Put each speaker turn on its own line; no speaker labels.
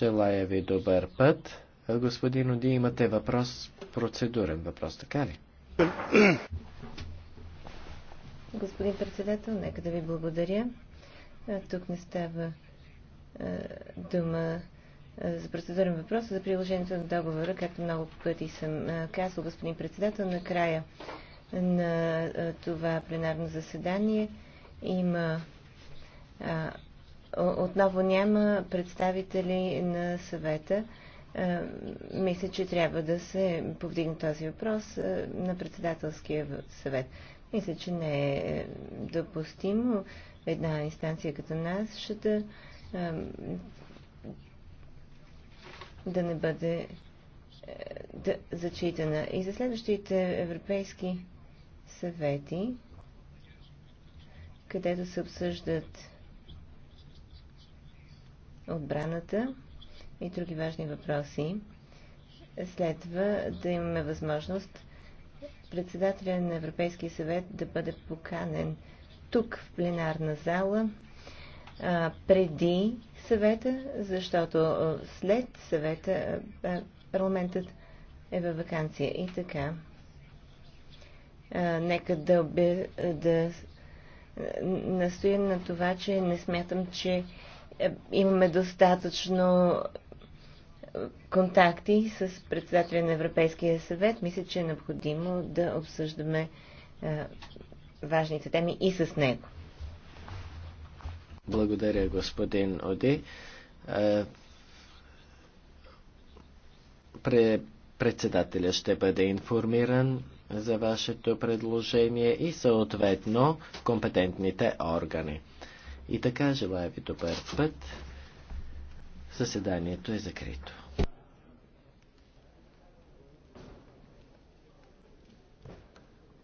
Желая ви добър път. Господин Оди, имате въпрос, процедурен въпрос, така ли?
Господин председател, нека да ви благодаря. Тук не става дума за процедурен въпрос за приложението на договора, както много пъти съм казал, господин председател, накрая на това пленарно заседание има отново няма представители на съвета. Е, мисля, че трябва да се повдигне този въпрос е, на председателския съвет. Мисля, че не е допустимо една инстанция като нас ще да, да не бъде е, да, зачитана. И за следващите европейски съвети, където се обсъждат отбраната и други важни въпроси, следва да имаме възможност председателя на Европейския съвет да бъде поканен тук в пленарна зала а, преди съвета, защото след съвета а, парламентът е във вакансия. И така, а, нека да, обе, да настоя на това, че не смятам, че имаме достатъчно контакти с председателя на Европейския съвет. Мисля, че е необходимо да обсъждаме важните теми и с него.
Благодаря, господин Оди. Председателя ще бъде информиран за вашето предложение и съответно компетентните органи. И така, желая ви добър път. Съседанието е закрито.